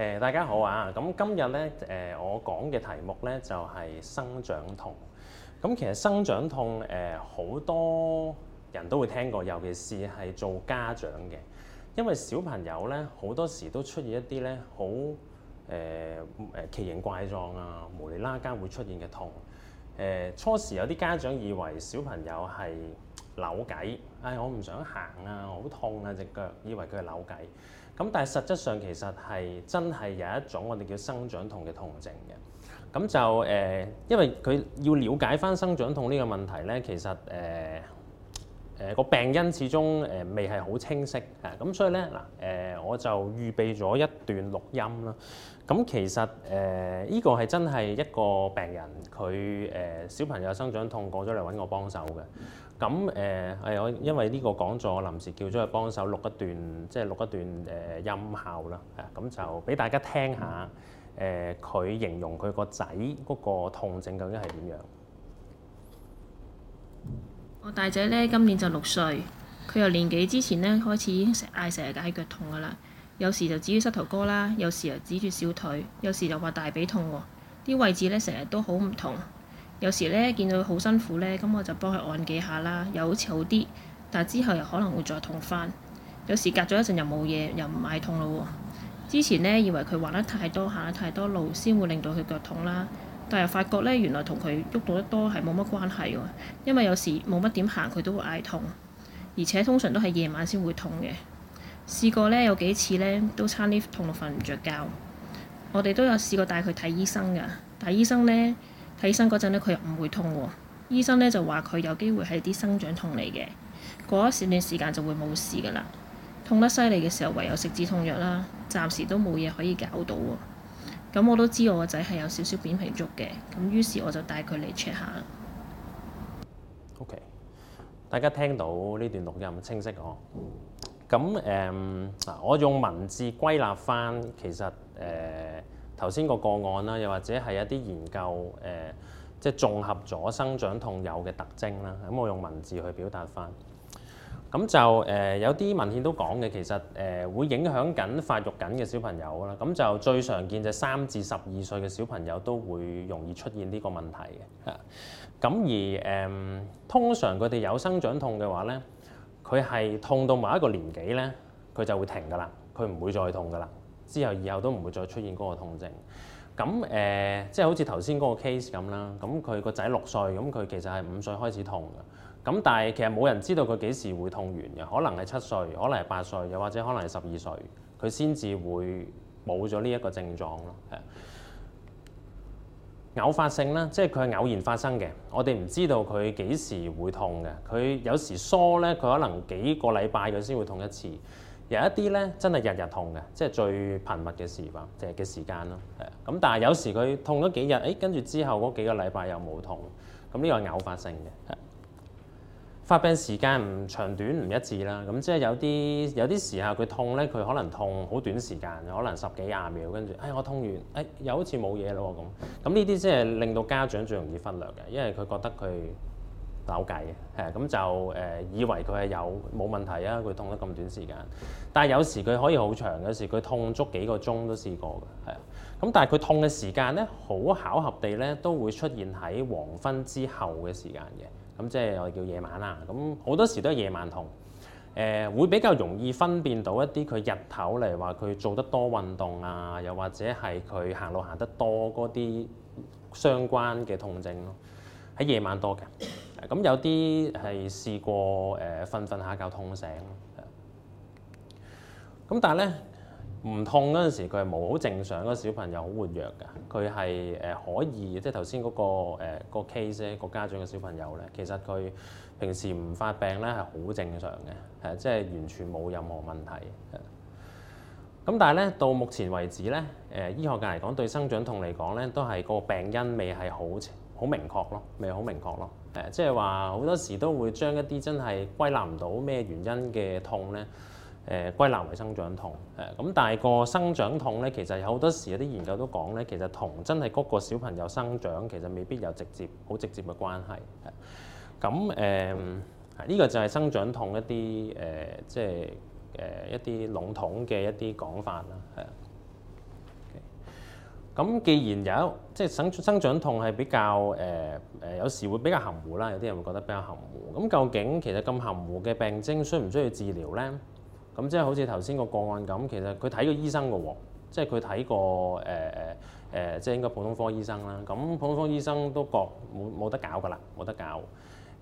誒、呃，大家好啊！咁今日咧，誒、呃，我講嘅題目咧就係生長痛。咁、嗯、其實生長痛誒，好、呃、多人都會聽過，尤其是係做家長嘅，因為小朋友咧好多時都出現一啲咧好誒誒奇形怪狀啊、無厘啦更會出現嘅痛。誒、呃、初時有啲家長以為小朋友係扭計，唉、哎，我唔想行啊，我好痛啊隻腳，以為佢係扭計，咁但係實質上其實係真係有一種我哋叫生長痛嘅痛症嘅，咁、嗯、就誒、呃，因為佢要了解返生長痛呢個問題呢，其實誒。呃誒個病因始終誒未係好清晰，誒咁所以咧嗱誒我就預備咗一段錄音啦。咁其實誒呢個係真係一個病人，佢誒小朋友生長痛過咗嚟搵我幫手嘅。咁誒係我因為呢個講座臨時叫咗佢幫手錄一段，即係錄一段誒音效啦。咁就俾大家聽下誒佢形容佢個仔嗰個痛症究竟係點樣。我大仔咧今年就六歲，佢由年幾之前咧開始已經成嗌成日嗌腳痛噶啦，有時就指住膝頭哥啦，有時又指住小腿，有時就話大髀痛喎，啲位置咧成日都好唔同，有時咧見到佢好辛苦咧，咁我就幫佢按幾下啦，又好似好啲，但係之後又可能會再痛翻，有時隔咗一陣又冇嘢，又唔嗌痛嘞喎，之前咧以為佢玩得太多、行得太多路先會令到佢腳痛啦。但又發覺咧，原來同佢喐到得多係冇乜關係喎，因為有時冇乜點行佢都會嗌痛，而且通常都係夜晚先會痛嘅。試過咧有幾次咧都差啲痛到瞓唔着覺。我哋都有試過帶佢睇醫生㗎，但係醫生咧睇醫生嗰陣咧佢又唔會痛喎。醫生咧就話佢有機會係啲生長痛嚟嘅，過一少段時間就會冇事㗎啦。痛得犀利嘅時候唯有食止痛藥啦，暫時都冇嘢可以搞到喎。咁我都知我個仔係有少少扁皮足嘅，咁於是我就帶佢嚟 check 下 OK，大家聽到呢段錄音清晰哦。咁誒、嗯，我用文字歸納翻，其實誒頭先個個案啦，又或者係一啲研究誒、呃，即係綜合咗生長痛有嘅特徵啦，咁我用文字去表達翻。咁就誒有啲文獻都講嘅，其實誒會影響緊發育緊嘅小朋友啦。咁就最常見就三至十二歲嘅小朋友都會容易出現呢個問題嘅。嚇，咁而誒通常佢哋有生長痛嘅話咧，佢係痛到某一個年紀咧，佢就會停㗎啦，佢唔會再痛㗎啦。之後以後都唔會再出現嗰個痛症。咁誒、呃、即係好似頭先嗰個 case 咁啦。咁佢個仔六歲，咁佢其實係五歲開始痛。咁但係其實冇人知道佢幾時會痛完嘅，可能係七歲，可能係八歲，又或者可能係十二歲，佢先至會冇咗呢一個症狀咯。係的偶發性啦，即係佢係偶然發生嘅，我哋唔知道佢幾時會痛嘅。佢有時疏咧，佢可能幾個禮拜佢先會痛一次。有一啲咧真係日日痛嘅，即係最頻密嘅時間嘅時間咯。係咁的，但係有時佢痛咗幾日，誒跟住之後嗰幾個禮拜又冇痛，咁呢個係偶發性嘅。發病時間唔長短唔一致啦，咁即係有啲有啲時候佢痛咧，佢可能痛好短時間，可能十幾廿秒，跟住，哎，我痛完，哎，又好似冇嘢咯咁。咁呢啲即係令到家長最容易忽略嘅，因為佢覺得佢扭計嘅，係咁就誒、呃、以為佢係有冇問題啊，佢痛得咁短時間。但係有時佢可以好長，有時佢痛足幾個鐘都試過嘅，係啊。咁但係佢痛嘅時間咧，好巧合地咧，都會出現喺黃昏之後嘅時間嘅。咁、嗯、即係我哋叫夜晚啊，咁、嗯、好多時都係夜晚痛，誒、呃、會比較容易分辨到一啲佢日頭，例如話佢做得多運動啊，又或者係佢行路行得多嗰啲相關嘅痛症咯，喺、嗯、夜晚多嘅，咁、嗯、有啲係試過誒瞓瞓下覺痛醒咁、嗯嗯、但係咧。唔痛嗰陣時，佢係冇好正常嘅小朋友，好活躍㗎。佢係誒可以，即係頭先嗰個誒個 case、呃嗰個個，嗰個家長嘅小朋友咧，其實佢平時唔發病咧係好正常嘅，係、呃、即係完全冇任何問題。咁、嗯、但係咧，到目前為止咧，誒、呃、醫學界嚟講對生長痛嚟講咧，都係個病因未係好好明確咯，未好明確咯。誒、呃，即係話好多時都會將一啲真係歸納唔到咩原因嘅痛咧。誒，歸納為生長痛。誒咁，但係個生長痛咧，其實有好多時有啲研究都講咧，其實同真係嗰個小朋友生長其實未必有直接好直接嘅關係。咁，誒呢個就係生長痛一啲誒，即係誒一啲籠統嘅一啲講法啦。係，咁既然有即係生生長痛係比較誒、誒、呃，有時會比較含糊啦。有啲人會覺得比較含糊。咁究竟其實咁含糊嘅病徵，需唔需要治療咧？咁即係好似頭先個個案咁，其實佢睇過醫生嘅喎，即係佢睇過誒誒誒，即係應該普通科醫生啦。咁普通科醫生都覺冇冇得搞嘅啦，冇得搞。誒、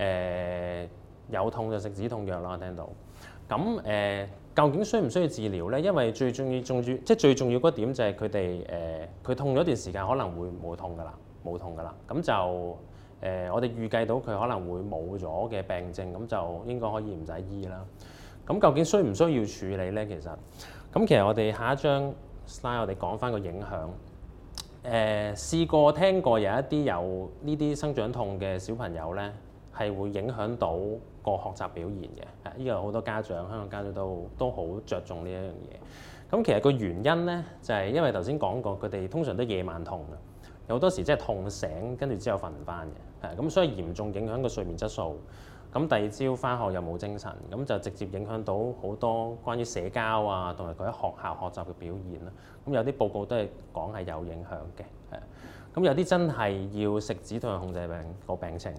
呃、有痛就食止痛藥啦，聽到。咁誒、呃、究竟需唔需要治療咧？因為最重要、重要，即係最重要嗰點就係佢哋誒，佢、呃、痛咗一段時間可能會冇痛嘅啦，冇痛嘅啦。咁就誒、呃，我哋預計到佢可能會冇咗嘅病症，咁就應該可以唔使醫啦。咁究竟需唔需要處理呢？其實，咁其實我哋下一張 slide 我哋講翻個影響。誒、呃、試過聽過有一啲有呢啲生長痛嘅小朋友呢，係會影響到個學習表現嘅。呢個好多家長，香港家長都都好着重呢一樣嘢。咁其實個原因呢，就係、是、因為頭先講過，佢哋通常都夜晚痛，有好多時即係痛醒，跟住之後瞓唔翻嘅。咁，所以嚴重影響個睡眠質素。咁第二朝返學又冇精神，咁就直接影響到好多關於社交啊，同埋佢喺學校學習嘅表現啦。咁有啲報告都係講係有影響嘅，係。咁有啲真係要食止痛控制病個病情，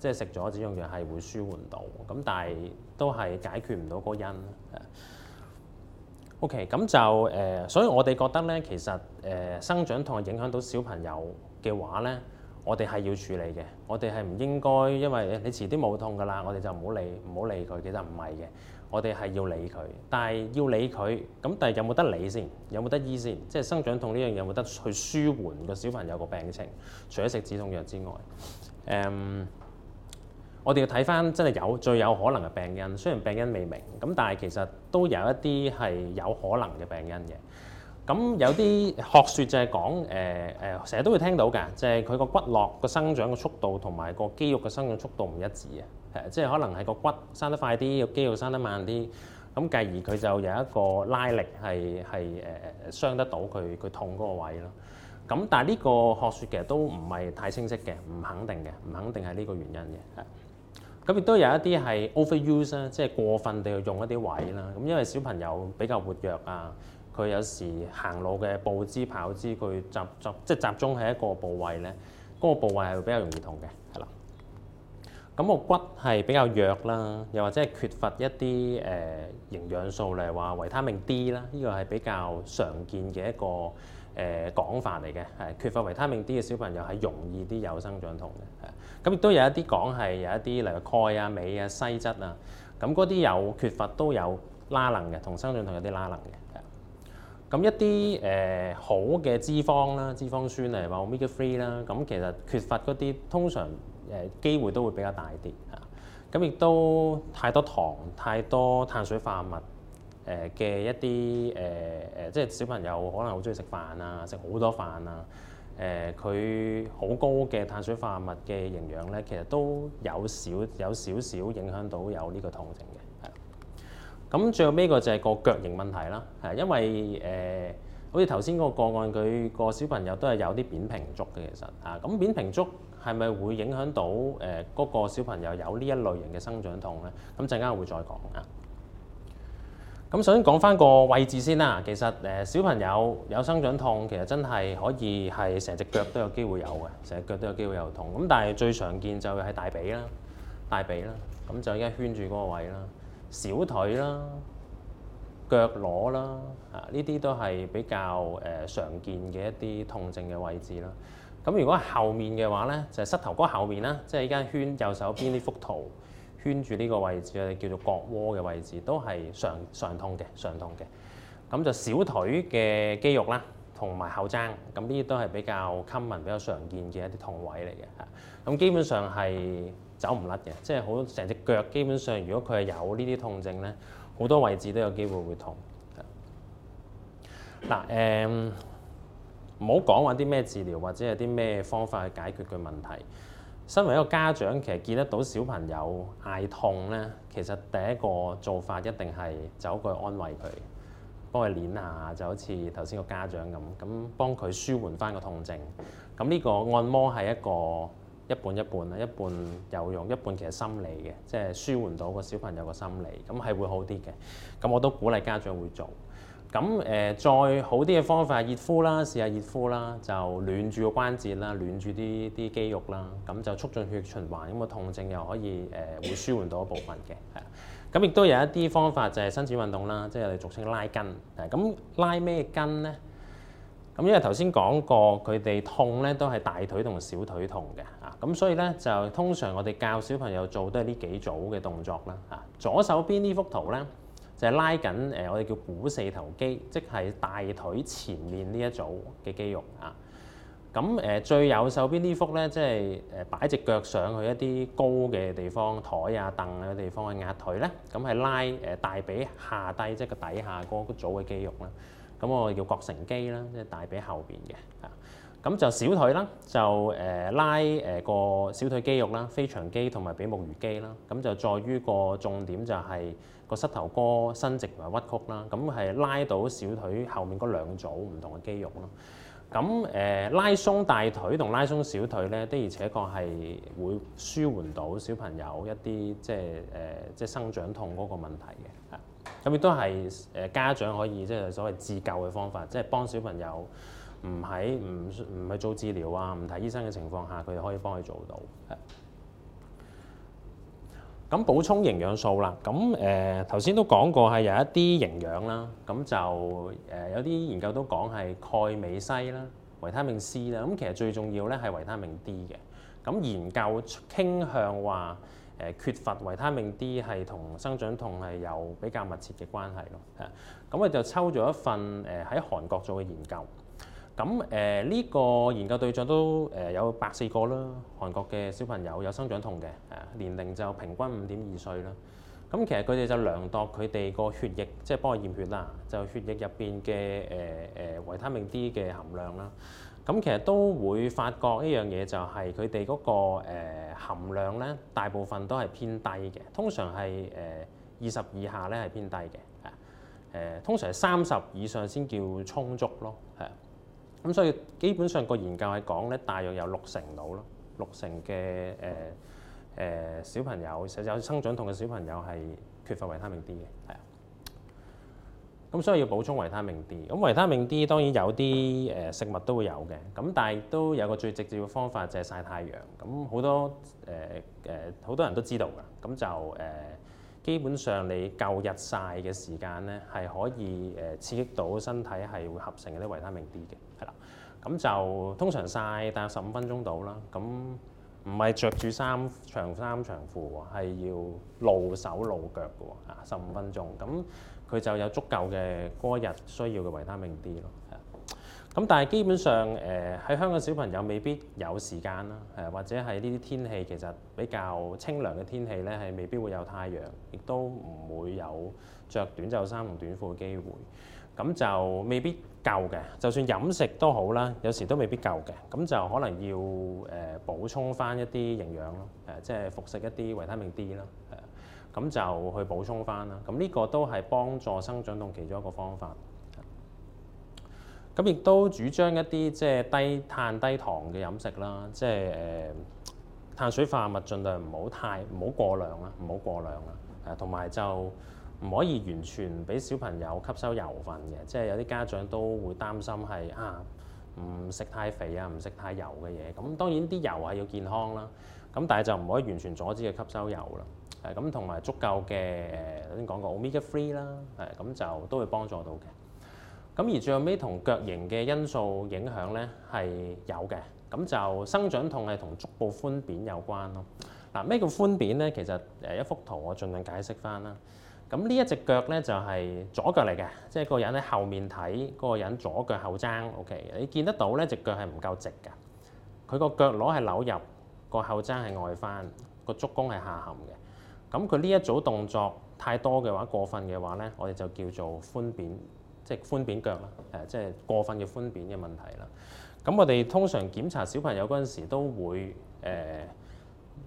即係食咗止痛藥係會舒緩到，咁但係都係解決唔到嗰個因，OK，咁就誒、呃，所以我哋覺得咧，其實誒、呃、生長痛係影響到小朋友嘅話咧。我哋係要處理嘅，我哋係唔應該因為你遲啲冇痛㗎喇，我哋就唔好理唔好理佢，其實唔係嘅，我哋係要理佢，但係要理佢，咁但係有冇得理先？有冇得醫先？即係生長痛呢樣嘢有冇得去舒緩個小朋友個病情？除咗食止痛藥之外，誒、嗯，我哋要睇返真係有最有可能嘅病因，雖然病因未明，咁但係其實都有一啲係有可能嘅病因嘅。咁有啲學説就係講誒誒，成日都會聽到嘅，就係佢個骨骼個生長嘅速度同埋個肌肉嘅生長速度唔一致啊！誒，即係可能係個骨生得快啲，個肌肉生得慢啲，咁繼而佢就有一個拉力係係誒誒傷得到佢佢痛嗰個位咯。咁但係呢個學説其實都唔係太清晰嘅，唔肯定嘅，唔肯定係呢個原因嘅。咁亦都有一啲係 overuse 啦，即係過分地去用一啲位啦。咁因為小朋友比較活躍啊。佢有時行路嘅步姿跑姿，佢集集即係集中喺一個部位咧，嗰、那個部位係會比較容易痛嘅，係啦。咁個骨係比較弱啦，又或者係缺乏一啲誒、呃、營養素，例如話維他命 D 啦，呢個係比較常見嘅一個誒、呃、講法嚟嘅，係缺乏維他命 D 嘅小朋友係容易啲有生長痛嘅。咁亦都有一啲講係有一啲例如鈣啊、鎂啊、西質啊，咁嗰啲有缺乏都有拉能嘅，同生長痛有啲拉能嘅。咁一啲誒、呃、好嘅脂肪啦、脂肪酸啊，譬如話 omega three 啦，咁其實缺乏嗰啲通常誒、呃、機會都會比較大啲嚇。咁、啊、亦都太多糖、太多碳水化合物誒嘅、呃、一啲誒誒，即係小朋友可能好中意食飯啊，食好多飯啊，誒佢好高嘅碳水化合物嘅營養咧，其實都有少有少少影響到有呢個痛症嘅。咁最後尾個就係個腳型問題啦，係因為誒，好似頭先個個案，佢個小朋友都係有啲扁平足嘅，其實啊，咁扁平足係咪會影響到誒嗰、呃嗰個小朋友有呢一類型嘅生長痛咧？咁陣間會再講啊。咁首先講翻個位置先啦，其實誒、呃、小朋友有生長痛，其實真係可以係成隻腳都有機會有嘅，成隻腳都有機會有痛。咁但係最常見就係大髀啦、大髀啦，咁就而家圈住嗰個位啦。小腿啦、腳踝啦，啊呢啲都係比較誒常見嘅一啲痛症嘅位置啦。咁如果後面嘅話咧，就係、是、膝頭哥後面啦，即係依家圈右手邊呢幅圖圈住呢個位置咧，叫做膕窩嘅位置，都係常常痛嘅、常痛嘅。咁就小腿嘅肌肉啦，同埋後踭，咁呢啲都係比較 common、比較常見嘅一啲痛位嚟嘅嚇。咁基本上係。走唔甩嘅，即係好成隻腳。基本上，如果佢係有呢啲痛症咧，好多位置都有機會會痛。嗱誒，唔好講話啲咩治療或者係啲咩方法去解決佢問題。身為一個家長，其實見得到小朋友嗌痛咧，其實第一個做法一定係走過去安慰佢，幫佢捏下，就好似頭先個家長咁，咁幫佢舒緩返個痛症。咁呢個按摩係一個。一半一半啦，一半有用，一半其實心理嘅，即係舒緩到個小朋友個心理，咁係會好啲嘅。咁我都鼓勵家長會做。咁誒、呃，再好啲嘅方法係熱敷啦，試下熱敷啦，就暖住個關節啦，暖住啲啲肌肉啦，咁就促進血循環，咁個痛症又可以誒、呃、會舒緩到一部分嘅。係咁亦都有一啲方法就係伸展運動啦，即係我哋俗稱拉筋。係咁拉咩筋呢？咁因為頭先講過，佢哋痛呢都係大腿同小腿痛嘅。咁所以咧就通常我哋教小朋友做都係呢幾組嘅動作啦嚇、啊。左手邊呢幅圖咧就係、是、拉緊誒、呃、我哋叫股四頭肌，即係大腿前面呢一組嘅肌肉啊。咁、呃、誒最右手邊幅呢幅咧即係誒擺隻腳上去一啲高嘅地方台啊凳嘅、啊啊、地方去壓、啊、腿咧，咁係拉誒、呃、大髀下低即係個底下嗰組嘅肌肉啦。咁、啊、我哋叫膕繩肌啦，即係大髀後邊嘅啊。啊。咁就小腿啦，就誒拉誒個小腿肌肉啦，腓腸肌同埋比目魚肌啦。咁就在於個重點就係個膝頭哥伸直同埋屈曲啦。咁係拉到小腿後面嗰兩組唔同嘅肌肉咯。咁誒拉鬆大腿同拉鬆小腿咧，的而且確係會舒緩到小朋友一啲即係誒即係生長痛嗰個問題嘅。咁亦都係誒家長可以即係所謂自救嘅方法，即係幫小朋友。唔喺唔唔去做治療啊，唔睇醫生嘅情況下，佢哋可以幫佢做到。咁的補充營養素啦。咁誒頭先都講過係有一啲營養啦。咁就誒、呃、有啲研究都講係鈣、鎂、硒啦、維他命 C 啦。咁其實最重要咧係維他命 D 嘅。咁研究傾向話誒、呃、缺乏維他命 D 係同生長痛係有比較密切嘅關係咯。咁，佢就抽咗一份誒喺韓國做嘅研究。咁誒呢個研究對象都誒有百四個啦，韓國嘅小朋友有生長痛嘅，誒年齡就平均五點二歲啦。咁、嗯、其實佢哋就量度佢哋個血液，即係幫我驗血啦，就血液入邊嘅誒誒維他命 D 嘅含量啦。咁、嗯、其實都會發覺一樣嘢就係佢哋嗰個含量咧，大部分都係偏低嘅，通常係誒二十以下咧係偏低嘅，誒、嗯、通常係三十以上先叫充足咯，係、嗯。嗯。咁所以基本上個研究係講咧，大約有六成到咯，六成嘅誒誒小朋友，有生長痛嘅小朋友係缺乏維他命 D 嘅，係啊。咁所以要補充維他命 D。咁維他命 D 當然有啲誒食物都會有嘅，咁但係都有個最直接嘅方法就係曬太陽。咁好多誒誒好多人都知道㗎，咁就誒。呃基本上你夠日晒嘅時間咧，係可以誒刺激到身體係會合成嗰啲維他命 D 嘅，係啦。咁就通常晒，大約十五分鐘到啦。咁唔係着住衫長衫長褲喎，係要露手露腳嘅喎，十五分鐘。咁佢就有足夠嘅嗰日需要嘅維他命 D 咯。咁但係基本上，誒喺香港小朋友未必有時間啦，誒或者係呢啲天氣其實比較清涼嘅天氣咧，係未必會有太陽，亦都唔會有著短袖衫同短褲嘅機會。咁就未必夠嘅，就算飲食都好啦，有時都未必夠嘅。咁就可能要誒補充翻一啲營養咯，誒即係服食一啲維他命 D 啦，誒咁就去補充翻啦。咁呢個都係幫助生長痛其中一個方法。咁亦都主張一啲即係低碳低糖嘅飲食啦，即係誒碳水化合物盡量唔好太唔好過量啦，唔好過量啦。誒同埋就唔可以完全俾小朋友吸收油分嘅，即係有啲家長都會擔心係啊唔食太肥啊，唔食太油嘅嘢。咁當然啲油係要健康啦，咁但係就唔可以完全阻止佢吸收油啦。誒咁同埋足夠嘅誒頭先講過 Omega 3啦，係咁就都會幫助到嘅。咁而最後尾同腳型嘅因素影響咧係有嘅，咁就生長痛係同足部寬扁有關咯。嗱，咩叫寬扁咧？其實誒一幅圖我盡量解釋翻啦。咁呢一隻腳咧就係左腳嚟嘅，即係個人喺後面睇嗰個人左腳後踭。O.K. 你見得到咧，隻腳係唔夠直嘅，佢個腳踝係扭入，個後踭係外翻，個足弓係下陷嘅。咁佢呢一組動作太多嘅話過分嘅話咧，我哋就叫做寬扁。即係寬扁腳啦，誒、呃，即係過分嘅寬扁嘅問題啦。咁我哋通常檢查小朋友嗰陣時，都會誒誒、呃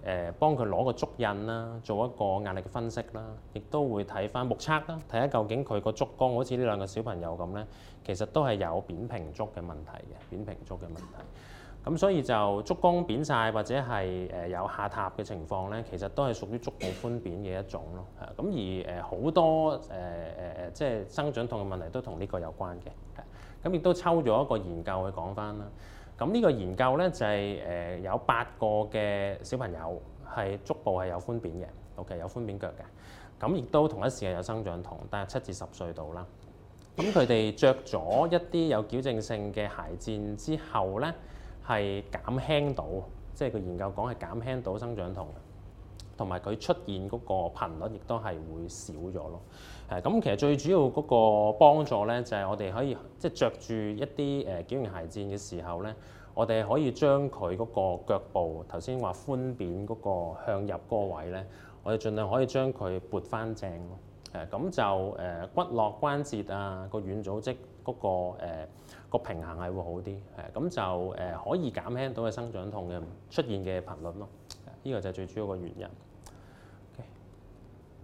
呃、幫佢攞個足印啦，做一個壓力嘅分析啦，亦都會睇返目測啦，睇下究竟佢個足弓好似呢兩個小朋友咁咧，其實都係有扁平足嘅問題嘅，扁平足嘅問題。咁所以就足弓扁晒，或者係誒有下塌嘅情況咧，其實都係屬於足部寬扁嘅一種咯。係、嗯、咁而誒好多誒誒誒，即係生長痛嘅問題都同呢個有關嘅。咁、嗯、亦都抽咗一個研究去講翻啦。咁、嗯、呢、這個研究咧就係、是、誒、呃、有八個嘅小朋友係足部係有寬扁嘅，OK 有寬扁腳嘅。咁、嗯、亦都同一時間有生長痛，但係七至十歲度啦。咁佢哋着咗一啲有矯正性嘅鞋墊之後咧。係減輕到，即係佢研究講係減輕到生長痛，同埋佢出現嗰個頻率亦都係會少咗咯。誒、嗯，咁其實最主要嗰個幫助咧，就係、是、我哋可以即係着住一啲誒矯形鞋墊嘅時候咧，我哋可以將佢嗰個腳部頭先話寬扁嗰、那個向入嗰個位咧，我哋儘量可以將佢撥翻正咯。誒、嗯，咁、嗯、就誒、呃、骨骼關節啊，個軟組織，嗰、那個誒、呃那個、平衡係會好啲，誒咁就誒、呃、可以減輕到嘅生長痛嘅出現嘅頻率咯，呢個就係最主要嘅原因。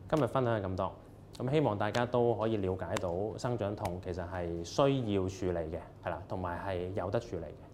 今日分享係咁多，咁希望大家都可以了解到生長痛其實係需要處理嘅，係啦，同埋係有得處理嘅。